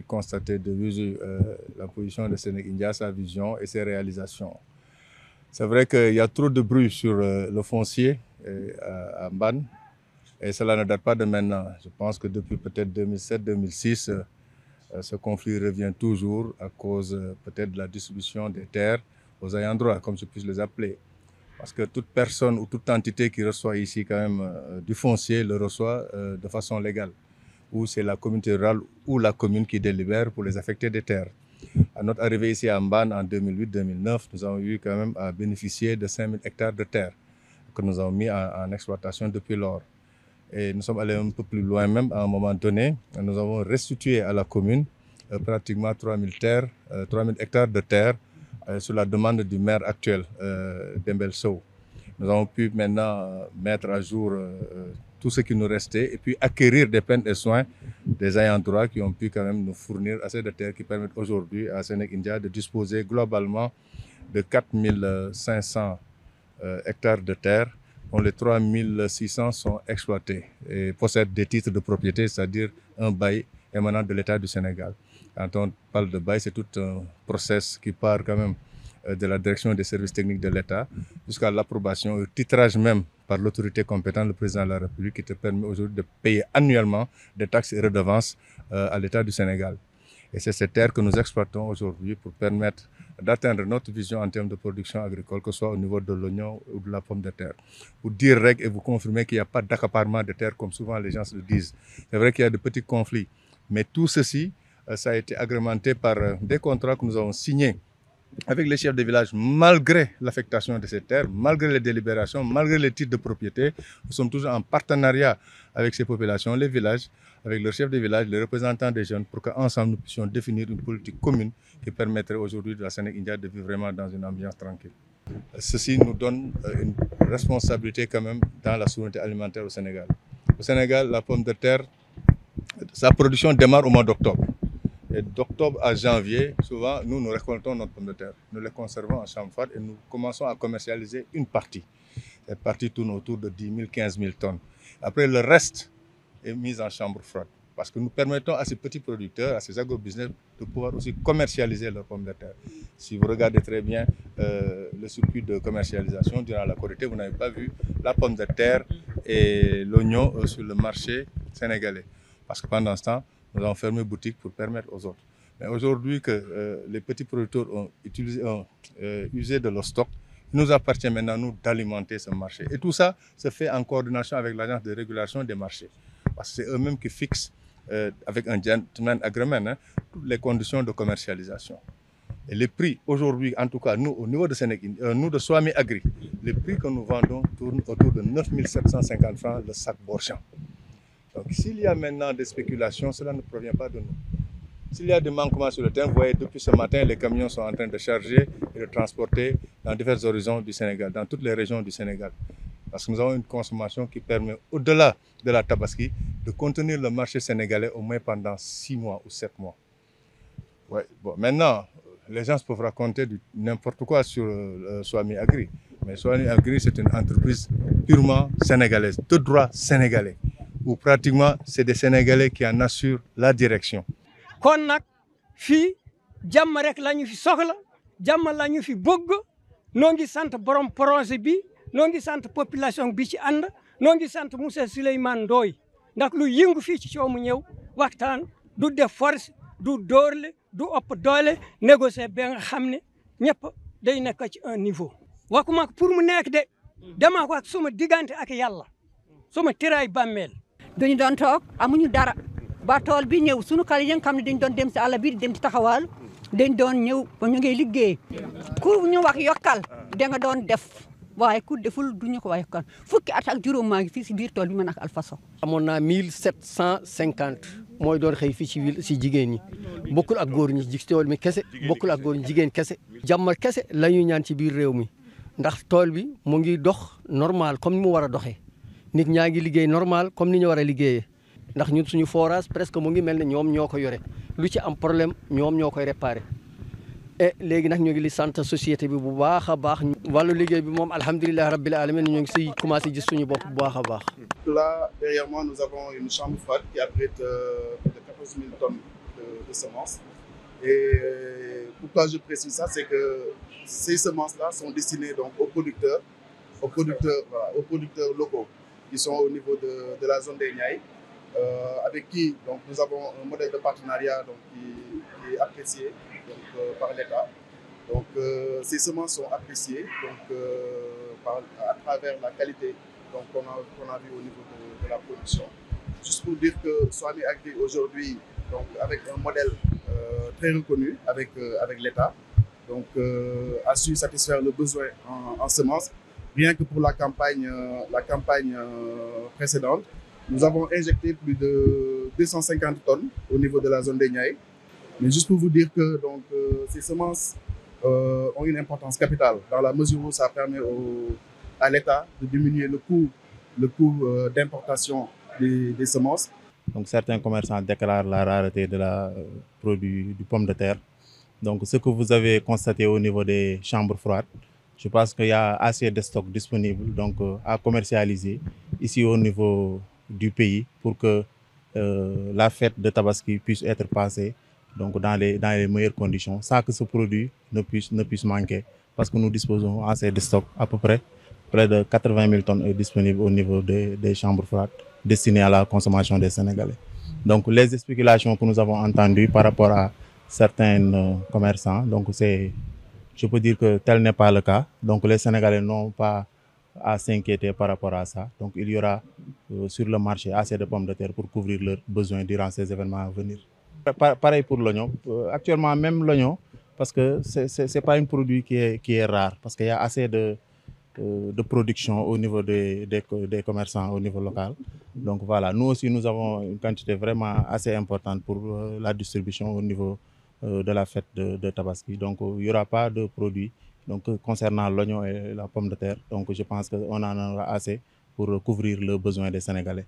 constater de vue euh, la position de Sénégal sa vision et ses réalisations. C'est vrai qu'il y a trop de bruit sur euh, le foncier euh, à, à et cela ne date pas de maintenant. Je pense que depuis peut-être 2007-2006, ce conflit revient toujours à cause peut-être de la distribution des terres aux ayants droit, comme je puisse les appeler. Parce que toute personne ou toute entité qui reçoit ici quand même du foncier le reçoit de façon légale où c'est la communauté rurale ou la commune qui délibère pour les affecter des terres. À notre arrivée ici à Amban en 2008-2009, nous avons eu quand même à bénéficier de 5000 hectares de terres que nous avons mis en, exploitation depuis lors. Et nous sommes allés un peu plus loin même à un moment donné. Nous avons restitué à la commune euh, pratiquement 3000, terres, 3000 euh, hectares de terres euh, sur la demande du maire actuel, Dembelso. Nous avons pu maintenant mettre à jour tout ce qui nous restait, et puis acquérir des peines et soins des ayants droit qui ont pu quand même nous fournir assez de terres qui permettent aujourd'hui à Sénèque India de disposer globalement de 4500 500 euh, hectares de terres dont les 3600 sont exploités et possèdent des titres de propriété, c'est-à-dire un bail émanant de l'État du Sénégal. Quand on parle de bail, c'est tout un process qui part quand même euh, de la direction des services techniques de l'État jusqu'à l'approbation, au titrage même par l'autorité compétente, le président de la République, qui te permet aujourd'hui de payer annuellement des taxes et redevances euh, à l'État du Sénégal. Et c'est cette terre que nous exploitons aujourd'hui pour permettre d'atteindre notre vision en termes de production agricole, que ce soit au niveau de l'oignon ou de la pomme de terre. Pour dire règle et vous confirmer qu'il n'y a pas d'accaparement de terre comme souvent les gens le disent. C'est vrai qu'il y a de petits conflits, mais tout ceci, euh, ça a été agrémenté par des contrats que nous avons signés avec les chefs de village, malgré l'affectation de ces terres, malgré les délibérations, malgré les titres de propriété, nous sommes toujours en partenariat avec ces populations, les villages, avec leurs chefs de village, les représentants des jeunes, pour qu'ensemble nous puissions définir une politique commune qui permettrait aujourd'hui de la Sénégal India de vivre vraiment dans une ambiance tranquille. Ceci nous donne euh, une responsabilité quand même dans la souveraineté alimentaire au Sénégal. Au Sénégal, la pomme de terre, sa production démarre au mois d'octobre. Et d'octobre à janvier, souvent, nous, nous récoltons notre pomme de terre. Nous les conservons en chambre froide et nous commençons à commercialiser une partie. Cette partie tourne autour de 10 000, 15 000 tonnes. Après, le reste est mis en chambre froide parce que nous permettons à ces petits producteurs, à ces agro-business de pouvoir aussi commercialiser leur pomme de terre. Si vous regardez très bien euh, le circuit de commercialisation durant la qualité vous n'avez pas vu la pomme de terre et l'oignon euh, sur le marché sénégalais. Parce que pendant ce temps, nous avons fermé boutique pour permettre aux autres. Mais aujourd'hui que euh, les petits producteurs ont, utilisé, euh, usé de leur stock, il nous appartient maintenant, nous, d'alimenter ce marché. Et tout ça se fait en coordination avec l'Agence de régulation des marchés. Parce que c'est eux-mêmes qui fixent, euh, avec un gentleman agreement, hein, toutes les conditions de commercialisation. Et les prix, aujourd'hui, en tout cas, nous, au niveau de Sénégal, nous de Swami Agri, les prix que nous vendons tournent autour de 9750 francs le sac Borchamp. Donc s'il y a maintenant des spéculations, cela ne provient pas de nous. S'il y a des manquements sur le terrain, vous voyez, depuis ce matin, les camions sont en train de charger et de transporter dans divers horizons du Sénégal, dans toutes les régions du Sénégal. Parce que nous avons une consommation qui permet, au-delà de la tabaski, de contenir le marché sénégalais au moins pendant six mois ou sept mois. Ouais, bon, maintenant, les gens peuvent raconter n'importe quoi sur euh, Swami Agri. Mais Swami Agri, c'est une entreprise purement sénégalaise, de droit sénégalais. Ou pratiquement c'est des Sénégalais qui en assurent la direction. kon nag fii rek la fi soxla jàmm lañu fi bëgg noo sante borom projet bi noo sante population bi ci and noo sante Moussa monsieur Doy ndax lu yingu fi ci ciomu ñew ñëw waxtaan du def force du dorle du op dole négocier ba nga xamné ne day nekk ci un niveau. wakuma pour mu nekk de dama ko ak suma diggante ak yalla suma tiray bammel dañu doon toog amuñu dara ba tool bi ñëw sunu xale yi nga xam ne dañu doon dem si àll bi dem ci taxawal dañ doon ñëw ba ñu ngay liggéey ku ñu wax yokkal da nga doon def waaye ku deful du ko wax yokkal fukki at ak juróom maa ngi fii si biir tool bi ma nak alfaso amoon naa mille sept cent cinquante mooy doon xëy fii ci si jigéen ñi bokkul ak góor ñi tool mi kese bokkul ak góor ñi jigéen kese jàmmal kese la ñuy ñaan si biir réew mi ndax tool bi mu ngi dox normal comme ni mu war a doxee nit ñaa liggéey normal comme ni ñu war a liggéeyee ndax ñun suñu forage presque mu ngi mel ne ñoom ñoo ko yore lu ci am problème ñoom ñoo koy réparé e léegi nag ñu ngi li sant société bi bu baax a baax wàllu liggéey bi moom alhamdulilah rabil alamin ñu ngi si commencé gis suñu bopp bu baax a baax là derrière nous avons une chambre froide qui abrite euh, de 14 000 tonnes de, de semences et euh, pourquoi je précise ça c'est que ces semences là sont destinées donc aux producteurs aux producteurs voilà, aux producteurs locaux qui sont au niveau de, la zone des Niaï, euh, avec qui donc, nous avons un modèle de partenariat donc, qui, est apprécié donc, euh, par l'État. Donc euh, ces semences sont appréciées donc, à travers la qualité qu'on a, vu au niveau de, la production. Juste pour dire que Soami Agri aujourd'hui, avec un modèle très reconnu avec, avec l'État, donc, a su satisfaire le besoin en, en semences Rien que pour la campagne, euh, la campagne euh, précédente, nous avons injecté plus de 250 tonnes au niveau de la zone des Niaï. Mais juste pour vous dire que donc, euh, ces semences ont une importance capitale dans la mesure où ça permet au, à l'État de diminuer le coût, le coût d'importation des, semences. Donc certains commerçants déclarent la rareté de la produit du pomme de terre. Donc ce que vous avez constaté au niveau des chambres froides, je pense qu'il y a assez de stocks disponibles donc, euh, à commercialiser ici au niveau du pays pour que euh, la fête de Tabaski puisse être passée donc, dans, les, dans les meilleures conditions, sans que ce produit ne puisse, ne puisse manquer, parce que nous disposons assez de stocks, à peu près près de 80 000 tonnes disponibles au niveau des, chambres froides destinées à la consommation des Sénégalais. Donc les spéculations que nous avons entendues par rapport à certains euh, commerçants, donc c'est je peux dire que tel n'est pas le cas. Donc les Sénégalais n'ont pas à s'inquiéter par rapport à ça. Donc il y aura euh, sur le marché assez de pommes de terre pour couvrir leurs besoins durant ces événements à venir. Pareil pour l'oignon. Euh, actuellement, même l'oignon, parce que ce n'est pas un produit qui est, qui est rare, parce qu'il y a assez de, euh, de production au niveau des, commerçants au niveau local. Donc voilà, nous aussi, nous avons une quantité vraiment assez importante pour la distribution au niveau euh, de la fête de, Tabaski. Donc, euh, il n'y aura pas de produits donc, euh, concernant l'oignon et la pomme de terre. Donc, je pense qu'on en aura assez pour couvrir le besoin des Sénégalais.